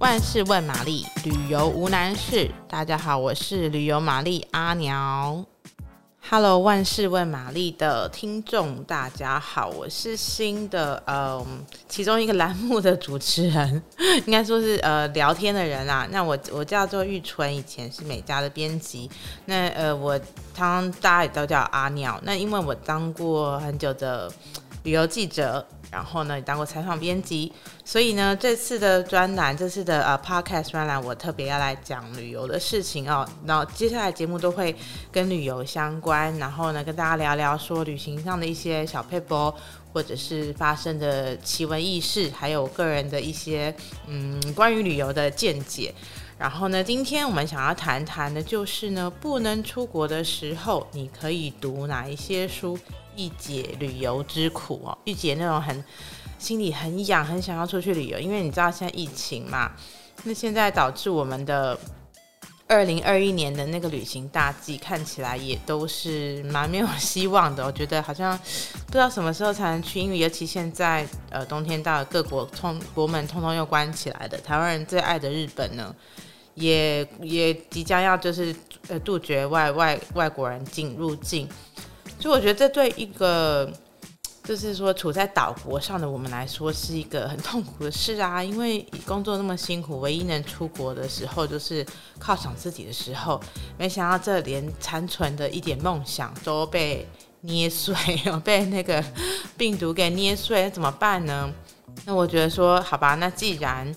萬事問瑪麗，旅遊無難事。大家好，我是旅遊瑪麗阿鳥。Hello，萬事問瑪麗的聽眾，大家好，我是新的嗯、呃，其中一個欄目的主持人，應該說是呃聊天的人啊。那我我叫做玉春，以前是美家的編輯。那呃我當大家也都叫阿鳥。那因為我當過很久的旅遊記者。然後呢，你當過採訪編輯，所以呢，這次的專欄，這次的呃 Podcast 專欄，我特別要來講旅遊的事情哦。然後接下來節目都會跟旅遊相關，然後呢，跟大家聊聊說旅行上的一些小撇步或者是發生的奇聞異事，還有個人的一些嗯關於旅遊的見解。然後呢，今天我們想要談談的就是呢，不能出國的時候，你可以讀哪一些書？一解旅遊之苦哦，一解那種很心裡很癢，很想要出去旅遊。因為你知道現在疫情嘛，那現在導致我們的二零二一年的那個旅行大計看起來也都是蠻沒有希望的。我覺得好像不知道什麼時候才能去，因為尤其現在呃冬天到了，各國通國門通通又關起來的。台灣人最愛的日本呢，也也即將要就是呃杜絕外外外國人進入境。就我覺得這對一個就是說處在島國上的我們來說是一個很痛苦的事啊，因為工作那麼辛苦，唯一能出國的時候就是犒賞自己的時候，沒想到這連殘存的一點夢想都被捏碎，被那個病毒給捏碎，怎麼辦呢？那我覺得說好吧，那既然。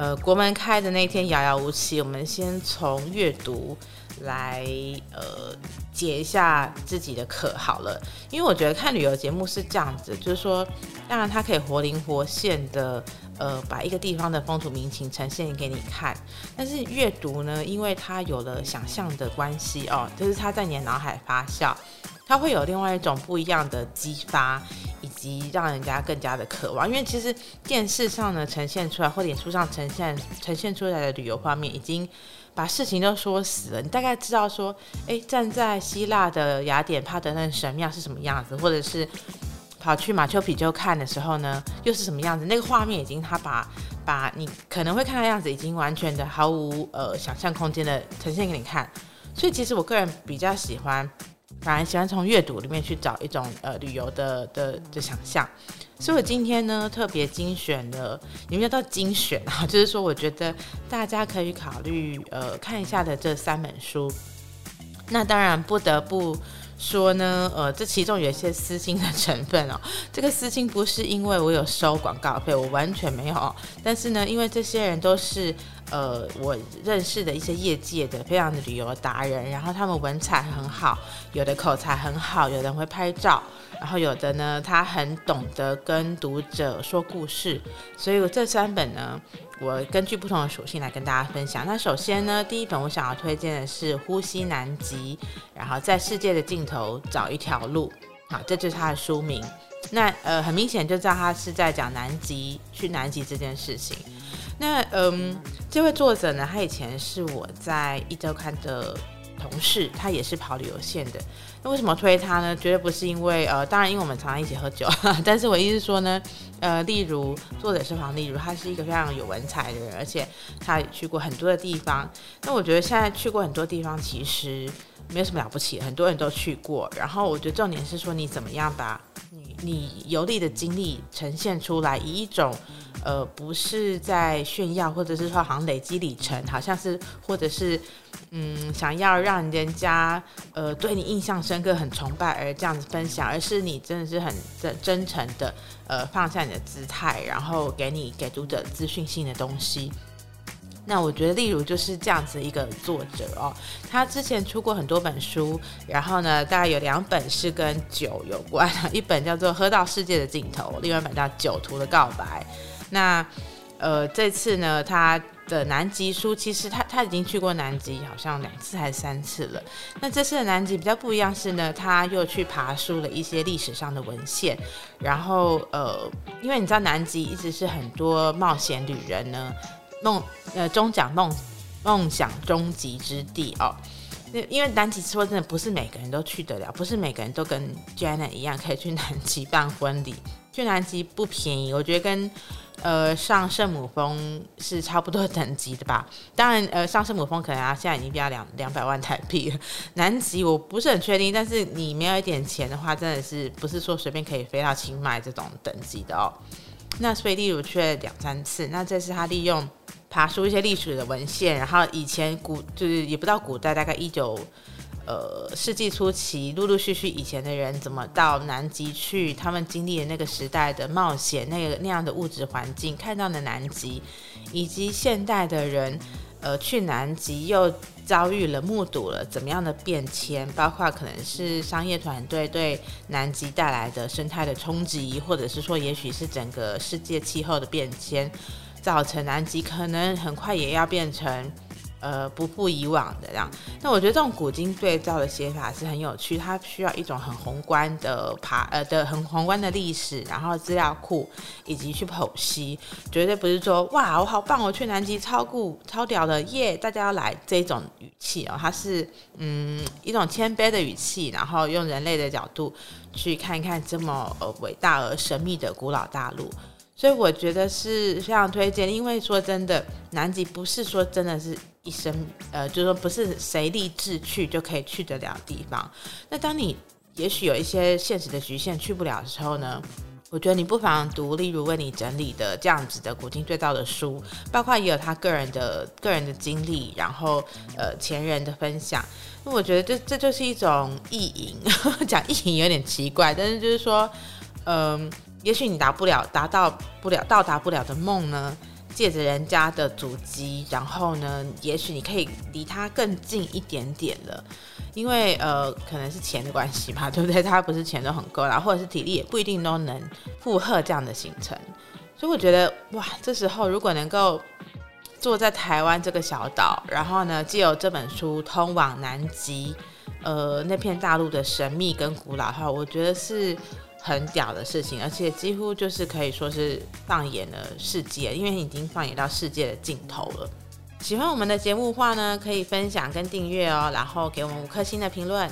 呃，國門開的那天遙遙無期，我們先從閱讀來呃解一下自己的渴好了，因為我覺得看旅遊節目是這樣子，就是說，當然它可以活靈活現的呃把一個地方的風土民情呈現給你看，但是閱讀呢，因為它有了想象的關係哦，就是它在你的腦海發酵。它會有另外一種不一樣的激發，以及讓人家更加的渴望。因為其實電視上呢呈現出來，或者你書上呈現呈現出來的旅遊畫面，已經把事情都說死了。你大概知道說，誒，站在希臘的雅典帕德嫩神廟是什麼樣子，或者是跑去馬丘比丘看的時候呢，又是什麼樣子？那個畫面已經他把把你可能會看到樣子，已經完全的毫無呃想象空間的呈現給你看。所以，其實我個人比較喜歡。反而喜歡從閱讀裡面去找一種呃旅遊的的的想象所以我今天呢特別精選了，你們要到精選啊，就是說我覺得大家可以考慮呃看一下的這三本書，那當然不得不。說呢，呃，這其中有一些私心的成分哦。這個私心不是因為我有收廣告費，我完全沒有。但是呢，因為這些人都是呃我認識的一些業界的非常的旅遊達人，然後他們文采很好，有的口才很好，有的人會拍照。然後有的呢，他很懂得跟讀者說故事，所以這三本呢，我根據不同的屬性來跟大家分享。那首先呢，第一本我想要推薦的是《呼吸南極》，然後在世界的盡頭找一條路，好，這就是他的書名。那呃，很明顯就知道他是在講南極，去南極這件事情。那嗯、呃，這位作者呢，他以前是我在一週刊的。同事，他也是跑旅遊線的，那為什麼推他呢？絕對不是因為呃，當然因為我們常常一起喝酒。但是我意思是說呢，呃，例如作者是黃麗如，他是一個非常有文采的人，而且他也去過很多的地方。那我覺得現在去過很多地方其實沒有什麼了不起，很多人都去過。然後我覺得重點是說，你怎麼樣把你你遊歷的經歷呈現出來以一種。呃，不是在炫耀，或者是說好像累積里程，好像是或者是嗯，想要讓人家呃對你印象深刻、很崇拜而這樣子分享，而是你真的是很真，真誠的呃放下你的姿態，然後給你給讀者資訊性的東西。那我覺得，例如就是這樣子一個作者哦，他之前出過很多本書，然後呢，大概有兩本是跟酒有關，一本叫做《喝到世界的盡頭》，另外一本叫《酒徒的告白》。那，呃，這次呢，他的南極書其實他他已經去過南極，好像兩次還是三次了。那這次的南極比較不一樣是呢，他又去爬梳了一些歷史上的文獻。然後，呃，因為你知道南極一直是很多冒險旅人呢夢，呃，終獎夢夢想終極之地哦。那因為南極說真的不是每個人都去得了，不是每個人都跟 Janet 一樣可以去南極辦婚禮。去南極不便宜，我覺得跟，呃，上聖母峰是差不多等級的吧。當然，呃，上聖母峰可能它、啊、現在已經比較兩兩百萬台幣了。南極我不是很確定，但是你沒有一點錢的話，真的是不是說隨便可以飛到清邁這種等級的哦。那所以麗如去了兩三次，那這是他利用爬梳一些歷史的文獻，然後以前古就是也不知道古代大概一九。呃，世紀初期陸陸續續以前的人怎麼到南極去？他們經歷了那個時代的冒險，那個那樣的物質環境看到的南極，以及現代的人，呃，去南極又遭遇了、目睹了怎麼樣的變遷？包括可能是商業團隊對、對南極帶來的生態的衝擊，或者是說，也許是整個世界氣候的變遷，造成南極可能很快也要變成。呃，不復以往的這樣。那我覺得這種古今對照的寫法是很有趣，它需要一種很宏觀的爬呃的很宏觀的歷史，然後資料庫以及去剖析，絕對不是說哇我好棒，我去南極超酷超屌的耶，yeah, 大家要來這種語氣哦、喔，它是嗯一種謙卑的語氣，然後用人類的角度去看一看這麼呃偉大而神秘的古老大陸，所以我覺得是非常推薦。因為說真的，南極不是說真的是。一生，呃，就是說，不是誰立志去就可以去得了地方。那當你也許有一些現實的局限去不了的時候呢，我覺得你不妨讀例如為你整理的這樣子的古今對照的書，包括也有他個人的個人的經歷，然後呃前人的分享。那我覺得這這就是一種意淫，講意淫有點奇怪，但是就是說，嗯、呃，也許你達不了、達到不了、到達不了的夢呢？借著人家的足跡，然後呢，也許你可以離他更近一點點了，因為呃，可能是錢的關係嘛，對不對？他不是錢都很夠啦，然後或者是體力也不一定都能負荷這樣的行程，所以我覺得哇，這時候如果能夠坐在台灣這個小島，然後呢，借由這本書通往南極，呃，那片大陸的神秘跟古老的話，我覺得是。很屌的事情，而且幾乎就是可以說是放眼了世界，因為已經放眼到世界的盡頭了。喜歡我們的節目的話呢，可以分享跟訂閱哦，然後給我們五顆星的評論。